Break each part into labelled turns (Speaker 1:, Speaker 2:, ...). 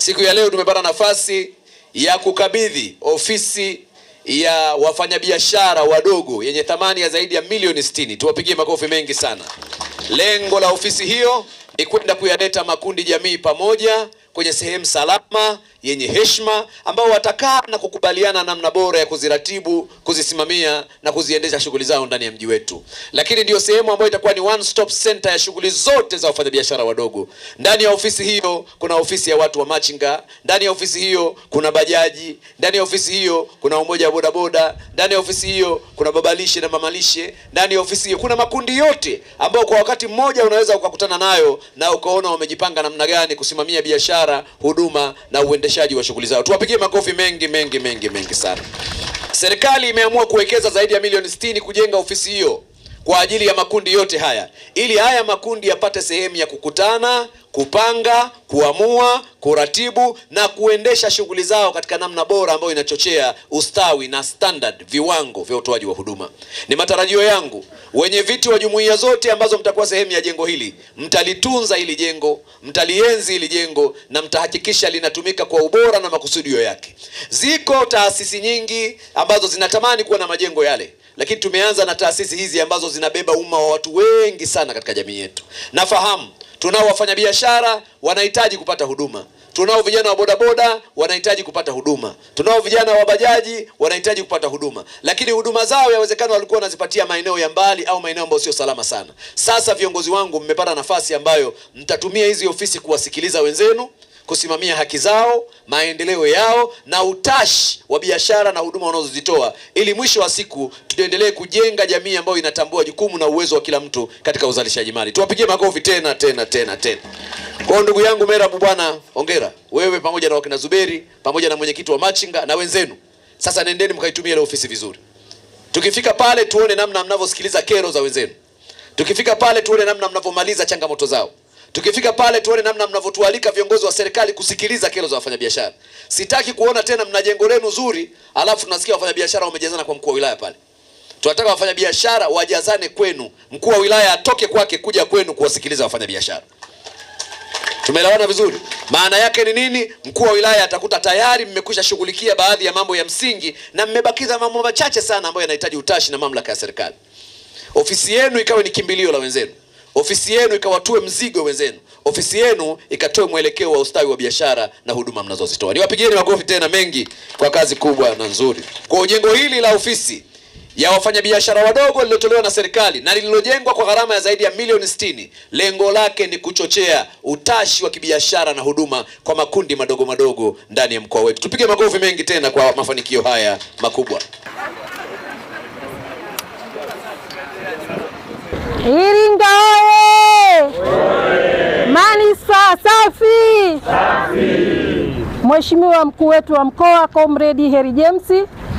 Speaker 1: Siku ya leo tumepata nafasi ya kukabidhi ofisi ya wafanyabiashara wadogo yenye thamani ya zaidi ya milioni 60. Tuwapigie makofi mengi sana. Lengo la ofisi hiyo ni kwenda kuyaleta makundi jamii pamoja kwenye sehemu salama yenye heshima, ambao watakaa na kukubaliana namna bora ya kuziratibu, kuzisimamia na kuziendesha shughuli zao ndani ya mji wetu. Lakini ndiyo sehemu ambayo itakuwa ni one stop center ya shughuli zote za wafanyabiashara wadogo. Ndani ya ofisi hiyo kuna ofisi ya watu wa machinga, ndani ya ofisi hiyo kuna bajaji, ndani ya ofisi hiyo kuna umoja wa bodaboda, ndani ya ofisi hiyo kuna babalishe na mamalishe, ndani ya ofisi hiyo kuna makundi yote ambao kwa wakati mmoja unaweza ukakutana nayo na ukaona wamejipanga namna gani kusimamia biashara biashara, huduma na uendeshaji wa shughuli zao. Tuwapigie makofi mengi mengi mengi mengi sana. Serikali imeamua kuwekeza zaidi ya milioni 60 kujenga ofisi hiyo kwa ajili ya makundi yote haya, ili haya makundi yapate sehemu ya kukutana, kupanga, kuamua, kuratibu na kuendesha shughuli zao katika namna bora ambayo inachochea ustawi na standard, viwango vya utoaji wa huduma. Ni matarajio yangu wenye viti wa jumuiya zote ambazo mtakuwa sehemu ya jengo hili, mtalitunza hili jengo, mtalienzi hili jengo na mtahakikisha linatumika kwa ubora na makusudio yake. Ziko taasisi nyingi ambazo zinatamani kuwa na majengo yale lakini tumeanza na taasisi hizi ambazo zinabeba umma wa watu wengi sana katika jamii yetu. Nafahamu tunao wafanyabiashara wanahitaji kupata huduma, tunao vijana wa bodaboda wanahitaji kupata huduma, tunao vijana wa bajaji wanahitaji kupata huduma, lakini huduma zao yawezekana walikuwa wanazipatia maeneo ya mbali au maeneo ambayo sio salama sana. Sasa viongozi wangu, mmepata nafasi ambayo mtatumia hizi ofisi kuwasikiliza wenzenu kusimamia haki zao, maendeleo yao na utashi wa biashara na huduma wanazozitoa, ili mwisho wa siku tuendelee kujenga jamii ambayo inatambua jukumu na uwezo wa kila mtu katika uzalishaji mali. Tuwapigie makofi tena tena tena tena. Kwa ndugu yangu Merabu, bwana ongera wewe pamoja na wakina Zuberi pamoja na mwenyekiti wa machinga na wenzenu. Sasa nendeni mkaitumie ile ofisi vizuri. Tukifika pale tuone namna mnavyosikiliza kero za wenzenu. Tukifika pale tuone namna mnavyomaliza changamoto zao. Tukifika pale tuone namna mnavyotualika viongozi wa serikali kusikiliza kero za wafanyabiashara. Sitaki kuona tena mna jengo lenu zuri, alafu tunasikia wafanyabiashara wamejazana kwa mkuu wa wilaya pale. Tunataka wafanyabiashara wajazane kwenu, mkuu wa wilaya atoke kwake kuja kwenu kuwasikiliza wafanyabiashara. Tumeelewana vizuri? Maana yake ni nini? Mkuu wa wilaya atakuta tayari mmekwisha shughulikia baadhi ya mambo ya msingi na mmebakiza mambo machache sana ambayo yanahitaji utashi na mamlaka ya serikali. Ofisi yenu ikawe ni kimbilio la wenzenu. Ofisi yenu ikawatue mzigo wenzenu, ofisi yenu ikatoe mwelekeo wa ustawi wa biashara na huduma mnazozitoa. Niwapigieni makofi tena mengi kwa kazi kubwa na nzuri. Kwa jengo hili la ofisi ya wafanyabiashara wadogo lililotolewa na serikali na lililojengwa kwa gharama ya zaidi ya milioni sitini. Lengo lake ni kuchochea utashi wa kibiashara na huduma kwa makundi madogo madogo ndani ya mkoa wetu. Tupige makofi mengi tena kwa mafanikio haya makubwa.
Speaker 2: Iringa
Speaker 3: oye!
Speaker 2: Manispaa safi,
Speaker 3: safi!
Speaker 2: Mheshimiwa mkuu wetu wa mkoa Comrade Heri James,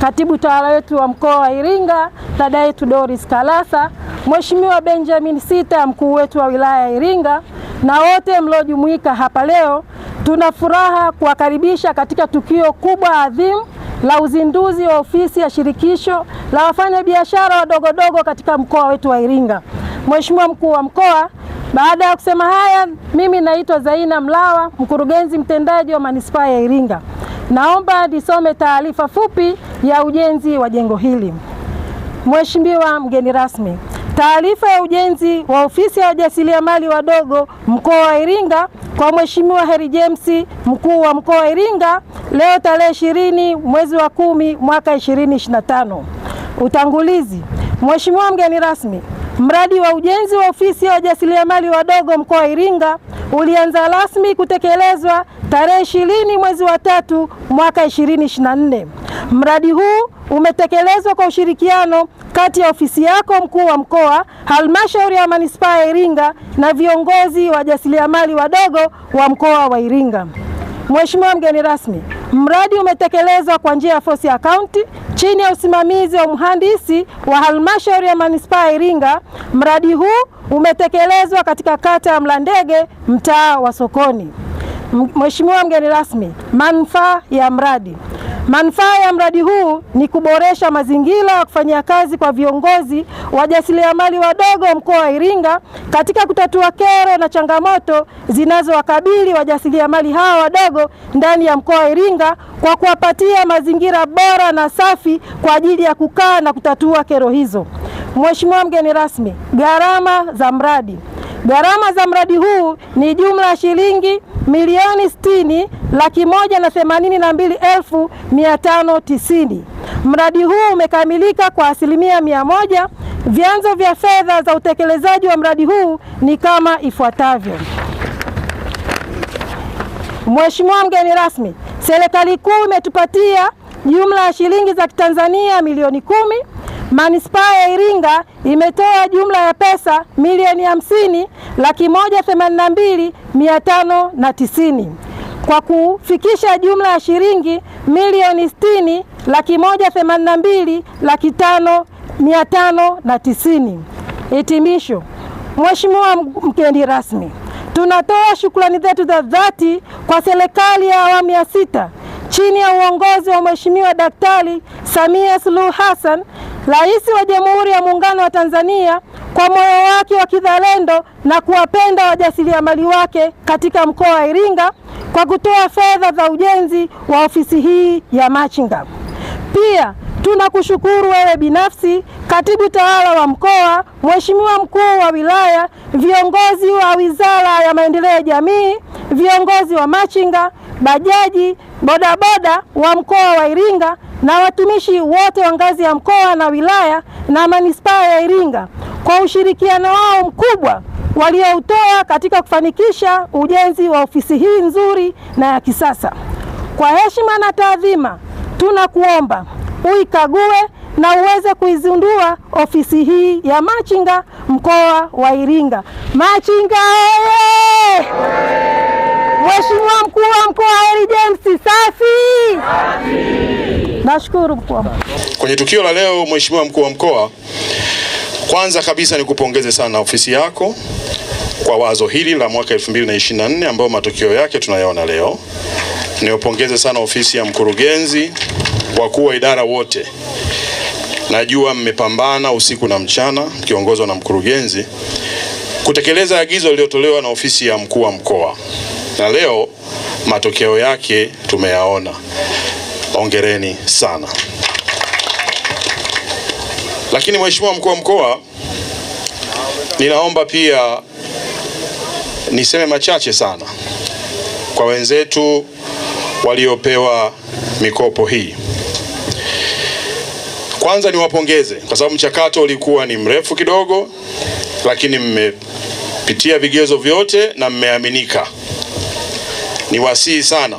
Speaker 2: katibu tawala wetu wa mkoa wa Iringa dada yetu Doris Kalasa, Mheshimiwa Benjamin Sita mkuu wetu wa wilaya ya Iringa na wote mliojumuika hapa leo, tuna furaha kuwakaribisha katika tukio kubwa adhimu la uzinduzi wa ofisi ya shirikisho la wafanyabiashara wadogodogo katika mkoa wetu wa Iringa. Mheshimiwa Mkuu wa Mkoa, baada ya kusema haya, mimi naitwa Zaina Mlawa, mkurugenzi mtendaji wa manispaa ya Iringa. Naomba nisome taarifa fupi ya ujenzi wa jengo hili. Mheshimiwa mgeni rasmi, taarifa ya ujenzi wa ofisi ya wajasiriamali wadogo mkoa wa Iringa kwa Mheshimiwa Heri James mkuu wa mkoa wa Iringa leo tarehe ishirini mwezi wa kumi mwaka 2025. Utangulizi. Mheshimiwa mgeni rasmi, Mradi wa ujenzi wa ofisi ya wajasiriamali wadogo mkoa wa Iringa ulianza rasmi kutekelezwa tarehe ishirini mwezi wa tatu mwaka 2024. Mradi huu umetekelezwa kwa ushirikiano kati ya ofisi yako mkuu wa mkoa, halmashauri ya manispaa ya Iringa na viongozi wa wajasiriamali wadogo wa mkoa wa Iringa. Mheshimiwa mgeni rasmi, mradi umetekelezwa kwa njia ya force account Chini ya usimamizi wa mhandisi wa halmashauri ya manispaa ya Iringa, mradi huu umetekelezwa katika kata ya Mlandege, mtaa wa Sokoni. Mheshimiwa mgeni rasmi, manufaa ya mradi Manufaa ya mradi huu ni kuboresha mazingira ya kufanyia kazi kwa viongozi wajasiriamali wadogo mkoa wa Iringa katika kutatua kero na changamoto zinazowakabili wajasiriamali hawa wadogo ndani ya mkoa wa Iringa kwa kuwapatia mazingira bora na safi kwa ajili ya kukaa na kutatua kero hizo. Mheshimiwa mgeni rasmi, gharama za mradi. Gharama za mradi huu ni jumla ya shilingi milioni sitini laki moja na themanini na mbili elfu mia tano tisini. Mradi huu umekamilika kwa asilimia mia moja. Vyanzo vya fedha za utekelezaji wa mradi huu ni kama ifuatavyo. Mheshimiwa mgeni rasmi, serikali kuu imetupatia jumla ya shilingi za Kitanzania milioni kumi. Manispaa ya Iringa imetoa jumla ya pesa milioni hamsini laki moja themanini na mbili mia tano na tisini kwa kufikisha jumla ya shilingi milioni sitini laki moja themanini na mbili laki tano mia tano na tisini. Hitimisho. Mheshimiwa mgeni rasmi, tunatoa shukrani zetu za dhati kwa serikali ya awamu ya sita chini ya uongozi wa Mheshimiwa Daktari Samia Suluhu Hassan, Rais wa Jamhuri ya Muungano wa Tanzania kwa moyo wake wa kizalendo na kuwapenda wajasiriamali wake katika mkoa wa Iringa kwa kutoa fedha za ujenzi wa ofisi hii ya machinga. Pia tunakushukuru wewe binafsi, katibu tawala wa mkoa, mheshimiwa mkuu wa wilaya, viongozi wa wizara ya maendeleo ya jamii, viongozi wa machinga, bajaji, bodaboda wa mkoa wa Iringa na watumishi wote wa ngazi ya mkoa na wilaya na manispaa ya Iringa kwa ushirikiano wao mkubwa walioutoa katika kufanikisha ujenzi wa ofisi hii nzuri na ya kisasa. Kwa heshima na taadhima, tunakuomba uikague na uweze kuizindua ofisi hii ya machinga mkoa wa Iringa. Machinga oye! Mheshimiwa mkuu wa mkoa Eli James, safi. Nashukuru mkuu.
Speaker 4: Kwenye tukio la leo, Mheshimiwa mkuu wa mkoa kwanza kabisa nikupongeze sana ofisi yako kwa wazo hili la mwaka 2024 ambayo matokeo yake tunayaona leo. Niwapongeze sana ofisi ya mkurugenzi, wakuu wa idara wote. Najua mmepambana usiku na mchana mkiongozwa na mkurugenzi kutekeleza agizo lililotolewa na ofisi ya mkuu wa mkoa, na leo matokeo yake tumeyaona. ongereni sana. Lakini Mheshimiwa mkuu wa mkoa, ninaomba pia niseme machache sana kwa wenzetu waliopewa mikopo hii. Kwanza niwapongeze kwa sababu mchakato ulikuwa ni mrefu kidogo, lakini mmepitia vigezo vyote na mmeaminika. Niwasihi sana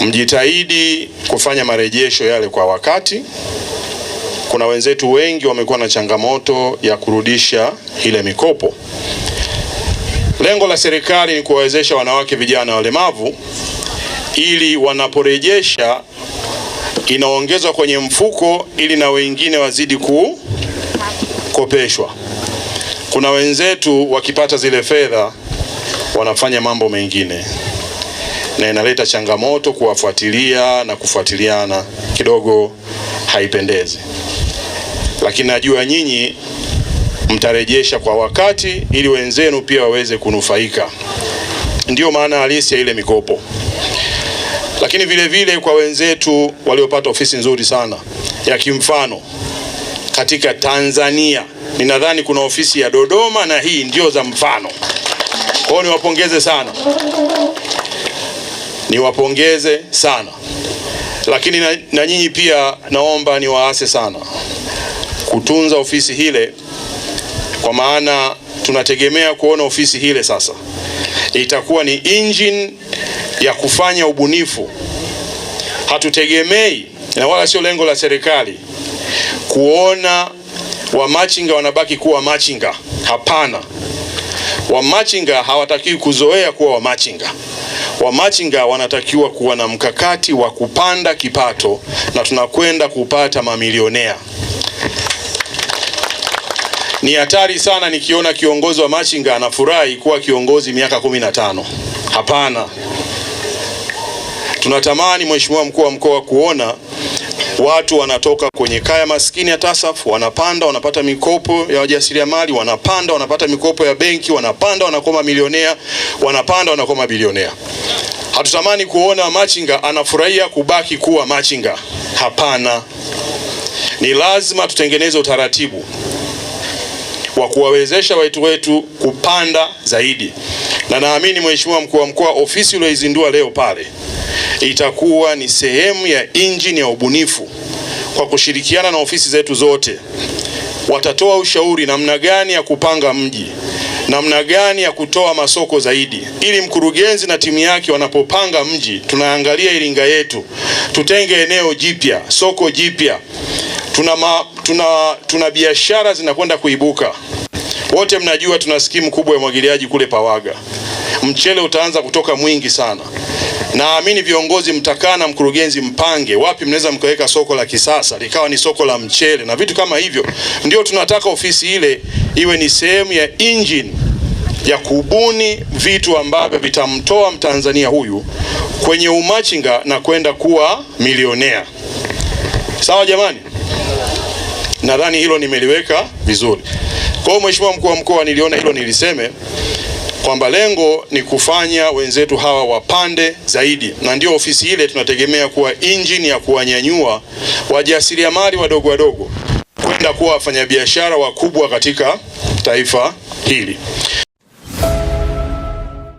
Speaker 4: mjitahidi kufanya marejesho yale kwa wakati kuna wenzetu wengi wamekuwa na changamoto ya kurudisha ile mikopo. Lengo la serikali ni kuwawezesha wanawake, vijana, walemavu ili wanaporejesha inaongezwa kwenye mfuko ili na wengine wazidi kukopeshwa. Kuna wenzetu wakipata zile fedha wanafanya mambo mengine na inaleta changamoto kuwafuatilia na kufuatiliana, kidogo haipendezi, lakini najua nyinyi mtarejesha kwa wakati ili wenzenu pia waweze kunufaika. Ndiyo maana halisi ya ile mikopo. Lakini vile vile kwa wenzetu waliopata ofisi nzuri sana ya kimfano katika Tanzania, ninadhani kuna ofisi ya Dodoma na hii ndio za mfano kwao, niwapongeze sana niwapongeze sana, lakini na, na nyinyi pia naomba niwaase sana kutunza ofisi hile, kwa maana tunategemea kuona ofisi hile sasa itakuwa ni engine ya kufanya ubunifu. Hatutegemei na wala sio lengo la serikali kuona wamachinga wanabaki kuwa machinga. Hapana. Wamachinga hawatakiwi kuzoea kuwa wamachinga. Wamachinga wanatakiwa kuwa na mkakati wa kupanda kipato, na tunakwenda kupata mamilionea. Ni hatari sana nikiona kiongozi wa machinga anafurahi kuwa kiongozi miaka kumi na tano. Hapana, tunatamani Mheshimiwa mkuu wa mkoa kuona Watu wanatoka kwenye kaya maskini ya TASAF wanapanda, wanapata mikopo ya wajasiriamali, wanapanda, wanapata mikopo ya benki, wanapanda, wanakoma milionea, wanapanda, wanakoma bilionea. Hatutamani kuona machinga anafurahia kubaki kuwa machinga. Hapana, ni lazima tutengeneze utaratibu wa kuwawezesha watu wetu kupanda zaidi, na naamini Mheshimiwa mkuu wa mkoa, ofisi uliyoizindua leo pale itakuwa ni sehemu ya injini ya ubunifu. Kwa kushirikiana na ofisi zetu zote, watatoa ushauri namna gani ya kupanga mji namna gani ya kutoa masoko zaidi, ili mkurugenzi na timu yake wanapopanga mji, tunaangalia Iringa yetu, tutenge eneo jipya, soko jipya, tuna, tuna, tuna biashara zinakwenda kuibuka. Wote mnajua tuna skimu kubwa ya umwagiliaji kule Pawaga mchele utaanza kutoka mwingi sana. Naamini viongozi mtakaa na mkurugenzi mpange wapi mnaweza mkaweka soko la kisasa likawa ni soko la mchele na vitu kama hivyo. Ndio tunataka ofisi ile iwe ni sehemu ya engine ya kubuni vitu ambavyo vitamtoa Mtanzania huyu kwenye umachinga na kwenda kuwa milionea. Sawa jamani, nadhani hilo nimeliweka vizuri. Kwa hiyo Mheshimiwa mkuu wa mkoa, niliona hilo niliseme kwamba lengo ni kufanya wenzetu hawa wapande zaidi, na ndio ofisi ile tunategemea kuwa injini ya kuwanyanyua wajasiriamali wadogo wadogo kwenda kuwa wafanyabiashara wakubwa katika taifa hili.